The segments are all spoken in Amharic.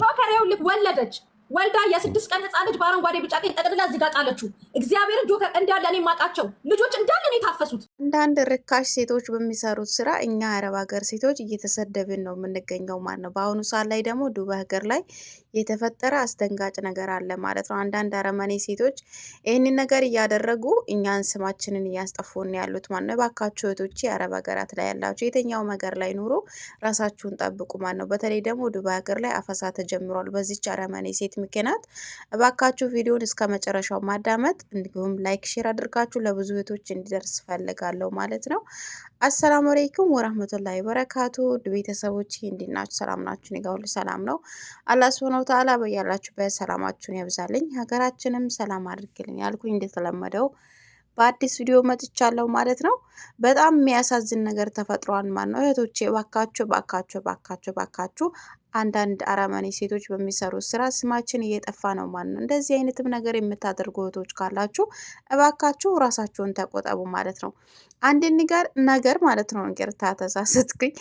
ጆከር ይኸውልህ ወለደች ወልዳ የስድስት ቀን ህፃን ልጅ በአረንጓዴ ቢጫ ቀይ ጠቅልላ እዚህ ጋ ጣለችው። እግዚአብሔር እንጆ እንዳለ እኔ የማውቃቸው ልጆች እንዳለ ነው የታፈሱት። አንዳንድ ርካሽ ሴቶች በሚሰሩት ስራ እኛ አረብ ሀገር ሴቶች እየተሰደብን ነው የምንገኘው ማለት ነው። በአሁኑ ሰዓት ላይ ደግሞ ዱባ ሀገር ላይ የተፈጠረ አስደንጋጭ ነገር አለ ማለት ነው። አንዳንድ አረመኔ ሴቶች ይህንን ነገር እያደረጉ እኛን ስማችንን እያስጠፉን ያሉት ማለት ነው። ባካቸው እህቶቼ አረብ ሀገራት ላይ ያላቸው የትኛውም ሀገር ላይ ኑሮ ራሳችሁን ጠብቁ ማለት ነው። በተለይ ደግሞ ዱባ ሀገር ላይ አፈሳ ተጀምሯል። በዚች አረመኔ ሴት ቤት ምኬናት። እባካችሁ ቪዲዮን እስከ መጨረሻው ማዳመጥ እንዲሁም ላይክ፣ ሼር አድርጋችሁ ለብዙ ቤቶች እንዲደርስ ፈልጋለሁ ማለት ነው። አሰላሙ አለይኩም ወራህመቱላሂ ወበረካቱ ቤተሰቦች እንዴት ናችሁ? ሰላም ናችሁ? እኔ ጋር ሁሉ ሰላም ነው። አላህ ሱብሐነሁ ወተዓላ በያላችሁበት ሰላማችሁን ያብዛልኝ፣ ሀገራችንም ሰላም አድርግልኝ ያልኩኝ እንደተለመደው በአዲስ ቪዲዮ መጥቻለሁ ማለት ነው። በጣም የሚያሳዝን ነገር ተፈጥሯል ማለት ነው። እህቶቼ ባካችሁ ባካችሁ ባካችሁ ባካችሁ አንዳንድ አረመኔ ሴቶች በሚሰሩት ስራ ስማችን እየጠፋ ነው ማለት ነው። እንደዚህ አይነትም ነገር የምታደርጉ እህቶች ካላችሁ እባካችሁ ራሳችሁን ተቆጠቡ ማለት ነው። አንድ ነገር ነገር ማለት ነው እንቅርታ ተሳስትኩኝ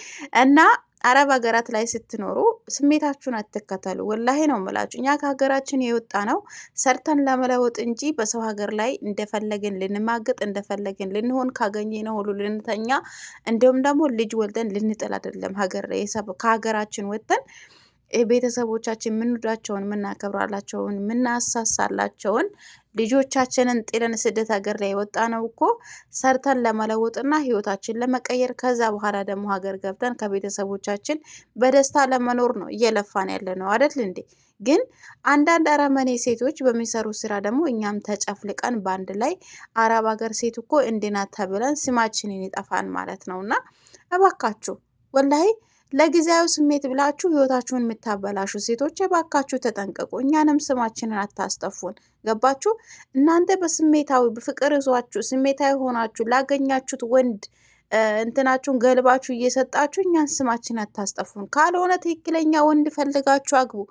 እና አረብ ሀገራት ላይ ስትኖሩ ስሜታችሁን አትከተሉ። ወላሄ ነው ምላችሁ። እኛ ከሀገራችን የወጣ ነው ሰርተን ለመለወጥ እንጂ በሰው ሀገር ላይ እንደፈለግን ልንማግጥ እንደፈለግን ልንሆን ካገኘ ነው ሁሉ ልንተኛ እንዲሁም ደግሞ ልጅ ወልደን ልንጥል አይደለም። ሀገር ከሀገራችን ወጥተን ቤተሰቦቻችን የምንወዳቸውን የምናከብራላቸውን የምናሳሳላቸውን ልጆቻችንን ጥለን ስደት ሀገር ላይ የወጣ ነው እኮ ሰርተን ለመለወጥና ህይወታችን ለመቀየር ከዛ በኋላ ደግሞ ሀገር ገብተን ከቤተሰቦቻችን በደስታ ለመኖር ነው እየለፋን ያለ ነው አደል እንዴ? ግን አንዳንድ አረመኔ ሴቶች በሚሰሩ ስራ ደግሞ እኛም ተጨፍልቀን በአንድ ላይ አረብ ሀገር ሴት እኮ እንዲህ ተብለን ስማችንን ይጠፋን ማለት ነው። እና እባካችሁ ወላሂ ለጊዜያዊ ስሜት ብላችሁ ህይወታችሁን የምታበላሹ ሴቶች የባካችሁ ተጠንቀቁ። እኛንም ስማችንን አታስጠፉን። ገባችሁ? እናንተ በስሜታዊ በፍቅር ይዟችሁ ስሜታዊ ሆናችሁ ላገኛችሁት ወንድ እንትናችሁን ገልባችሁ እየሰጣችሁ እኛን ስማችን አታስጠፉን። ካልሆነ ትክክለኛ ወንድ ፈልጋችሁ አግቡ።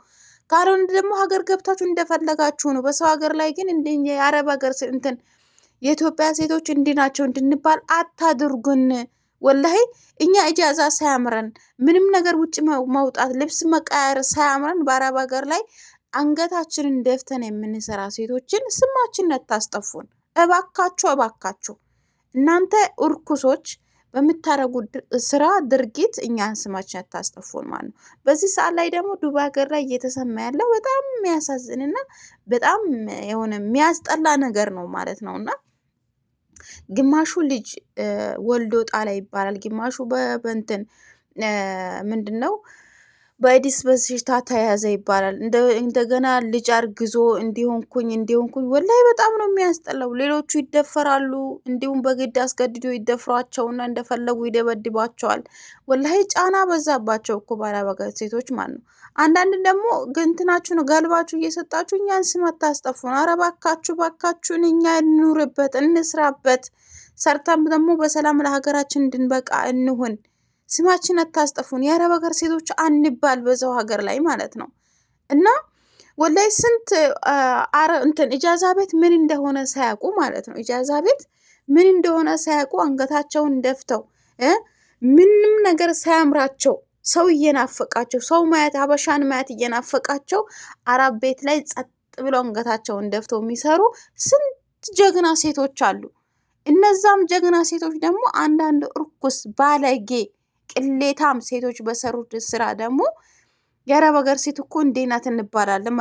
ካልሆነ ደግሞ ሀገር ገብታችሁ እንደፈለጋችሁ ነው። በሰው ሀገር ላይ ግን የአረብ ሀገር እንትን የኢትዮጵያ ሴቶች እንዲናቸው እንድንባል አታድርጉን። ወላሂ እኛ እጃዛ ሳያምረን ምንም ነገር ውጭ መውጣት ልብስ መቃየር ሳያምረን በአረብ ሀገር ላይ አንገታችንን ደፍተን የምንሰራ ሴቶችን ስማችን ነታስጠፉን። እባካችሁ እባካችሁ እናንተ እርኩሶች በምታደርጉት ስራ ድርጊት እኛን ስማችን አታስጠፉን ማለት ነው። በዚህ ሰዓት ላይ ደግሞ ዱባ ሀገር ላይ እየተሰማ ያለው በጣም የሚያሳዝንና በጣም የሆነ የሚያስጠላ ነገር ነው ማለት ነው እና ግማሹ ልጅ ወልዶ ጣላ ይባላል። ግማሹ በበንትን ምንድን ነው በኤዲስ በሽታ ተያዘ ይባላል። እንደገና ልጅ አርግዞ እንዲሆንኩኝ እንዲሆንኩኝ ወላይ በጣም ነው የሚያስጠላው። ሌሎቹ ይደፈራሉ፣ እንዲሁም በግድ አስገድዶ ይደፍሯቸውና እንደፈለጉ ይደበድቧቸዋል። ወላይ ጫና በዛባቸው እኮ ባላባጋ ሴቶች ማለት ነው። አንዳንድ ደግሞ ግንትናችሁ ነው ገልባችሁ እየሰጣችሁ እኛን ስም አታስጠፉን። አረ ባካችሁ ባካችሁን፣ እኛ እንኑርበት፣ እንስራበት፣ ሰርተን ደግሞ በሰላም ለሀገራችን እንድንበቃ እንሁን። ስማችን አታስጠፉን። የአረብ ሀገር ሴቶች አንባል በዛው ሀገር ላይ ማለት ነው እና ወላይ ስንት እንትን ኢጃዛ ቤት ምን እንደሆነ ሳያውቁ ማለት ነው ኢጃዛ ቤት ምን እንደሆነ ሳያውቁ አንገታቸውን ደፍተው ምንም ነገር ሳያምራቸው ሰው እየናፈቃቸው ሰው ማየት ሀበሻን ማየት እየናፈቃቸው አረብ ቤት ላይ ጸጥ ብለው አንገታቸውን ደፍተው የሚሰሩ ስንት ጀግና ሴቶች አሉ። እነዛም ጀግና ሴቶች ደግሞ አንዳንድ እርኩስ ባለጌ ቅሌታም ሴቶች በሰሩት ስራ ደግሞ የአረብ ሀገር ሴት እኮ እንዴ ናት እንባላለን።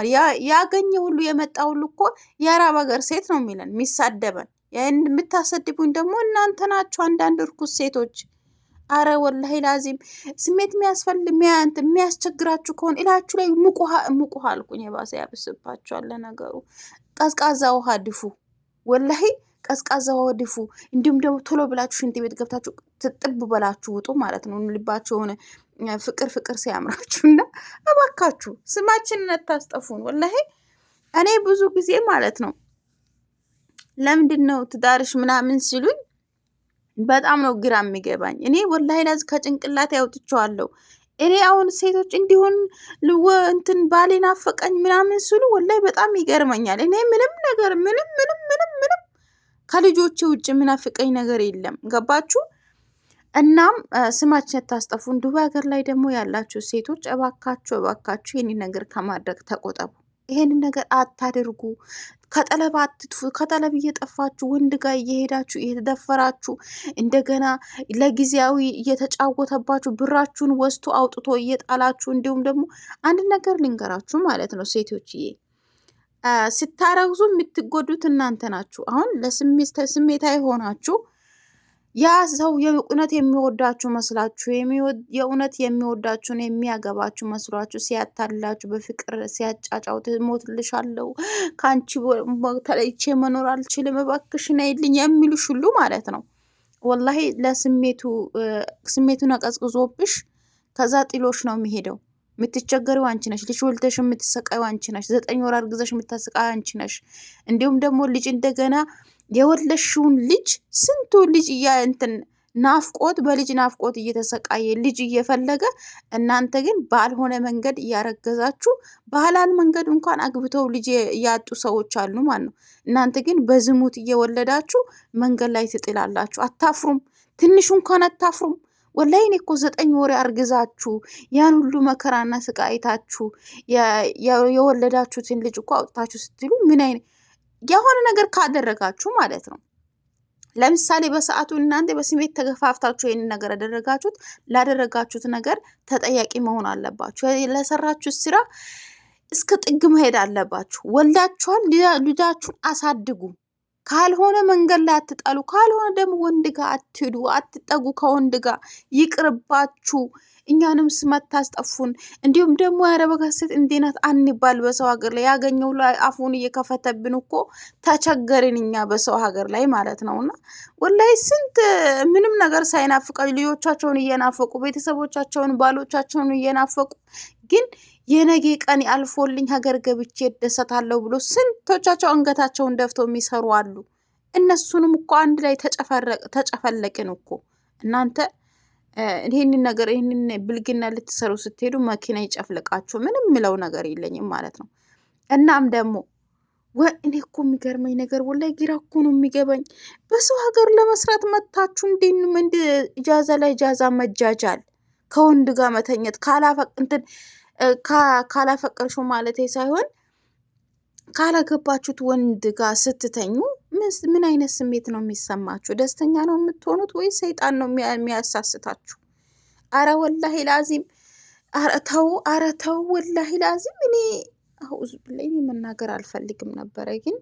ያገኘ ሁሉ የመጣ ሁሉ እኮ የአረብ ሀገር ሴት ነው የሚለን የሚሳደበን። የምታሰድቡኝ ደግሞ እናንተ ናችሁ፣ አንዳንድ እርኩስ ሴቶች። አረ ወላሂ ላዚም ስሜት የሚያስፈልግ የሚያስቸግራችሁ ከሆነ እላችሁ ላይ ሙቁሃ ሙቁሃ አልኩኝ፣ የባሰ ያብስባችኋል። ለነገሩ ቀዝቃዛ ውሃ ድፉ ወላሂ ቀዝቃዛ ወድፉ፣ እንዲሁም ደግሞ ቶሎ ብላችሁ ሽንት ቤት ገብታችሁ ትጥብ በላችሁ ውጡ ማለት ነው። ልባችሁ የሆነ ፍቅር ፍቅር ሲያምራችሁ እና እባካችሁ ስማችንን አታስጠፉን። ወላሄ እኔ ብዙ ጊዜ ማለት ነው ለምንድን ነው ትዳርሽ ምናምን ሲሉኝ በጣም ነው ግራ የሚገባኝ። እኔ ወላሂ ላዝ ከጭንቅላት ያውጥቸዋለሁ። እኔ አሁን ሴቶች እንዲሆን ልወ እንትን ባሌ ናፈቀኝ ምናምን ስሉ ወላይ በጣም ይገርመኛል። እኔ ምንም ነገር ምንም ምንም ምንም ምንም ከልጆቼ ውጭ የሚናፍቀኝ ነገር የለም። ገባችሁ? እናም ስማችን የታስጠፉ እንዲሁ ሀገር ላይ ደግሞ ያላችሁ ሴቶች እባካችሁ እባካችሁ ይህን ነገር ከማድረግ ተቆጠቡ። ይህን ነገር አታድርጉ። ከጠለብ አትጥፉ። ከጠለብ እየጠፋችሁ ወንድ ጋር እየሄዳችሁ እየተደፈራችሁ እንደገና ለጊዜያዊ እየተጫወተባችሁ ብራችሁን ወስቶ አውጥቶ እየጣላችሁ እንዲሁም ደግሞ አንድ ነገር ልንገራችሁ ማለት ነው ሴቶችዬ ስታረግዙ የምትጎዱት እናንተ ናችሁ። አሁን ለስሜታ የሆናችሁ ያ ሰው የእውነት የሚወዳችሁ መስላችሁ የእውነት የሚወዳችሁን የሚያገባችሁ መስሏችሁ ሲያታላችሁ በፍቅር ሲያጫጫውት ሞትልሻለሁ፣ ከአንቺ ተለይቼ መኖር አልችልም፣ እባክሽን ይልኝ የሚሉሽ ሁሉ ማለት ነው። ወላሂ ለስሜቱ ስሜቱን አቀዝቅዞብሽ ከዛ ጥሎሽ ነው የሚሄደው። የምትቸገሪው አንቺ ነሽ። ልጅ ወልደሽ የምትሰቃዩ አንቺ ነሽ። ዘጠኝ ወር አርግዘሽ የምታስቃ አንቺ ነሽ። እንዲሁም ደግሞ ልጅ እንደገና የወለሽውን ልጅ ስንቱ ልጅ እያ እንትን ናፍቆት በልጅ ናፍቆት እየተሰቃየ ልጅ እየፈለገ እናንተ ግን ባልሆነ መንገድ እያረገዛችሁ ባህላል መንገድ እንኳን አግብተው ልጅ ያጡ ሰዎች አሉ ማለት ነው። እናንተ ግን በዝሙት እየወለዳችሁ መንገድ ላይ ትጥላላችሁ። አታፍሩም? ትንሹ እንኳን አታፍሩም? ወላይ እኔ እኮ ዘጠኝ ወር አርግዛችሁ ያን ሁሉ መከራና ስቃይ አይታችሁ የወለዳችሁትን ልጅ እኮ አውጥታችሁ ስትሉ ምን አይነት የሆነ ነገር ካደረጋችሁ ማለት ነው። ለምሳሌ በሰዓቱ እናንተ በስሜት ተገፋፍታችሁ ይህን ነገር ያደረጋችሁት ላደረጋችሁት ነገር ተጠያቂ መሆን አለባችሁ። ለሰራችሁት ስራ እስከ ጥግ መሄድ አለባችሁ። ወልዳችኋል፣ ልጃችሁን አሳድጉ። ካልሆነ መንገድ ላይ አትጣሉ፣ ካልሆነ ደግሞ ወንድ ጋር አትሄዱ፣ አትጠጉ፣ ከወንድ ጋር ይቅርባችሁ። እኛንም ታስጠፉን። እንዲሁም ደግሞ ያረበከሰት እንዴናት አንባል። በሰው ሀገር ላይ ያገኘው ላይ አፉን እየከፈተብን እኮ ተቸገርን እኛ በሰው ሀገር ላይ ማለት ነውና ወላይ ስንት ምንም ነገር ሳይናፍቀ ልጆቻቸውን እየናፈቁ ቤተሰቦቻቸውን፣ ባሎቻቸውን እየናፈቁ ግን የነጌ ቀን አልፎልኝ ሀገር ገብቼ እደሰታለሁ ብሎ ስንቶቻቸው አንገታቸውን ደፍተው የሚሰሩ አሉ። እነሱንም እኮ አንድ ላይ ተጨፈለቅን እኮ እናንተ ይህንን ነገር ይህንን ብልግና ልትሰሩ ስትሄዱ መኪና ይጨፍልቃችሁ። ምንም ምለው ነገር የለኝም ማለት ነው። እናም ደግሞ ወይ እኔ እኮ የሚገርመኝ ነገር ወላሂ ግራ እኮ ነው የሚገባኝ። በሰው ሀገር ለመስራት መታችሁ እንዴ! እጃዛ ላይ እጃዛ መጃጃል፣ ከወንድ ጋር መተኘት ካላፈቅንትን ካላፈቀርሽው ማለት ሳይሆን ካላገባችሁት ወንድ ጋር ስትተኙ ምን አይነት ስሜት ነው የሚሰማችሁ? ደስተኛ ነው የምትሆኑት ወይ ሰይጣን ነው የሚያሳስታችሁ? አረ ወላሂ ላዚም አረ ተው፣ አረ ተው፣ ወላሂ ላዚም እኔ አውዝ ብላይ መናገር አልፈልግም ነበረ ግን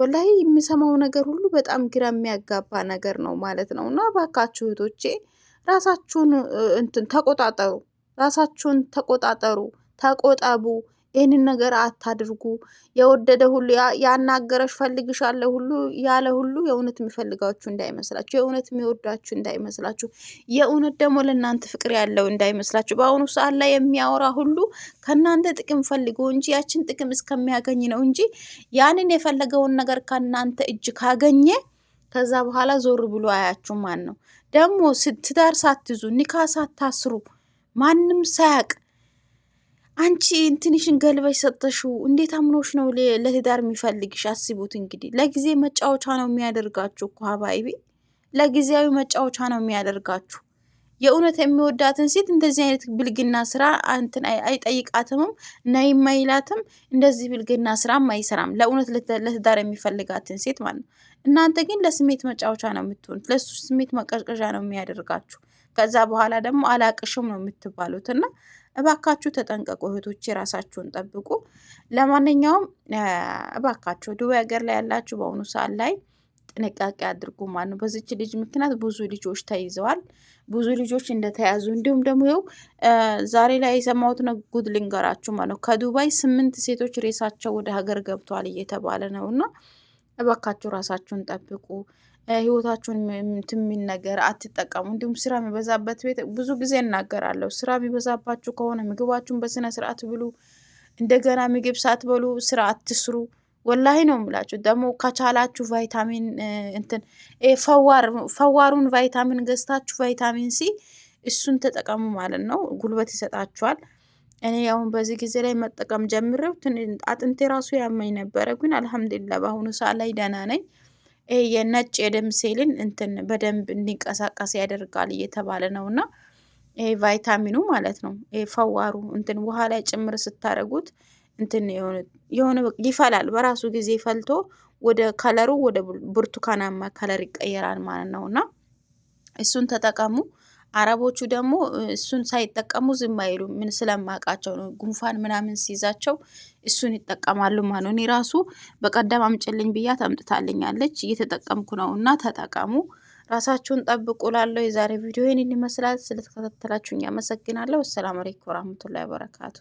ወላሂ የሚሰማው ነገር ሁሉ በጣም ግራ የሚያጋባ ነገር ነው ማለት ነው። እና ባካችሁ እህቶቼ ራሳችሁን እንትን ተቆጣጠሩ፣ ራሳችሁን ተቆጣጠሩ፣ ተቆጠቡ። ይህንን ነገር አታድርጉ። የወደደ ሁሉ ያናገረሽ ፈልግሻለሁ ሁሉ ያለ ሁሉ የእውነት የሚፈልጋችሁ እንዳይመስላችሁ፣ የእውነት የሚወዳችሁ እንዳይመስላችሁ፣ የእውነት ደግሞ ለእናንተ ፍቅር ያለው እንዳይመስላችሁ። በአሁኑ ሰዓት ላይ የሚያወራ ሁሉ ከእናንተ ጥቅም ፈልጎ እንጂ ያችን ጥቅም እስከሚያገኝ ነው እንጂ ያንን የፈለገውን ነገር ከእናንተ እጅ ካገኘ ከዛ በኋላ ዞር ብሎ አያችሁ። ማን ነው ደግሞ ትዳር ሳትይዙ ኒካ ሳታስሩ ማንም ሳያቅ አንቺ እንትንሽን ገልበሽ ሰጠሽው። እንዴት አምኖሽ ነው ለትዳር የሚፈልግሽ? አስቡት እንግዲህ። ለጊዜ መጫወቻ ነው የሚያደርጋችሁ እኮ ሀባይቢ፣ ለጊዜያዊ መጫወቻ ነው የሚያደርጋችሁ። የእውነት የሚወዳትን ሴት እንደዚህ አይነት ብልግና ስራ እንትን አይጠይቃትምም፣ ነይም አይላትም። እንደዚህ ብልግና ስራም አይሰራም፣ ለእውነት ለትዳር የሚፈልጋትን ሴት ማለት ነው። እናንተ ግን ለስሜት መጫወቻ ነው የምትሆኑት፣ ለሱ ስሜት መቀዝቀዣ ነው የሚያደርጋችሁ። ከዛ በኋላ ደግሞ አላቅሽም ነው የምትባሉት እና እባካችሁ ተጠንቀቁ እህቶች፣ የራሳችሁን ጠብቁ። ለማንኛውም እባካችሁ ዱባይ ሀገር ላይ ያላችሁ በአሁኑ ሰዓት ላይ ጥንቃቄ አድርጉ ማለት ነው። በዚች ልጅ ምክንያት ብዙ ልጆች ተይዘዋል። ብዙ ልጆች እንደተያዙ እንዲሁም ደግሞ ይኸው ዛሬ ላይ የሰማሁት ነው። ጉድ ልንገራችሁ ማለት ነው። ከዱባይ ስምንት ሴቶች ሬሳቸው ወደ ሀገር ገብተዋል እየተባለ ነው እና እባካችሁ ራሳችሁን ጠብቁ። ህይወታችሁን የሚል ነገር አትጠቀሙ። እንዲሁም ስራ የሚበዛበት ቤት ብዙ ጊዜ እናገራለሁ። ስራ የሚበዛባችሁ ከሆነ ምግባችሁን በስነ ስርዓት ብሉ። እንደገና ምግብ ሳትበሉ ስራ አትስሩ። ወላሂ ነው የምላችሁ። ደግሞ ከቻላችሁ ቫይታሚን እንትን ፈዋር ፈዋሩን ቫይታሚን ገዝታችሁ ቫይታሚን ሲ እሱን ተጠቀሙ ማለት ነው። ጉልበት ይሰጣችኋል። እኔ አሁን በዚህ ጊዜ ላይ መጠቀም ጀምሬው አጥንቴ ራሱ ያመኝ ነበረ፣ ግን አልሐምዱሊላ በአሁኑ ሰዓት ላይ ደህና ነኝ። የነጭ የደም ሴልን እንትን በደንብ እንዲንቀሳቀስ ያደርጋል እየተባለ ነው እና ቫይታሚኑ ማለት ነው። ፈዋሩ እንትን ውሃ ላይ ጭምር ስታደርጉት እንትን የሆነ ይፈላል በራሱ ጊዜ ፈልቶ ወደ ከለሩ ወደ ብርቱካናማ ከለር ይቀየራል ማለት ነው እና እሱን ተጠቀሙ። አረቦቹ ደግሞ እሱን ሳይጠቀሙ ዝም አይሉ። ምን ስለማውቃቸው ነው። ጉንፋን ምናምን ሲይዛቸው እሱን ይጠቀማሉ ማለት ነው። እኔ ራሱ በቀደም አምጭልኝ ብያት አምጥታልኛለች። እየተጠቀምኩ ነው እና ተጠቀሙ። ራሳችሁን ጠብቁ። ላለው የዛሬ ቪዲዮ ይህን ይመስላል። ስለተከታተላችሁኝ አመሰግናለሁ። አሰላሙ አለይኩም ወራህመቱላሂ ወበረካቱ።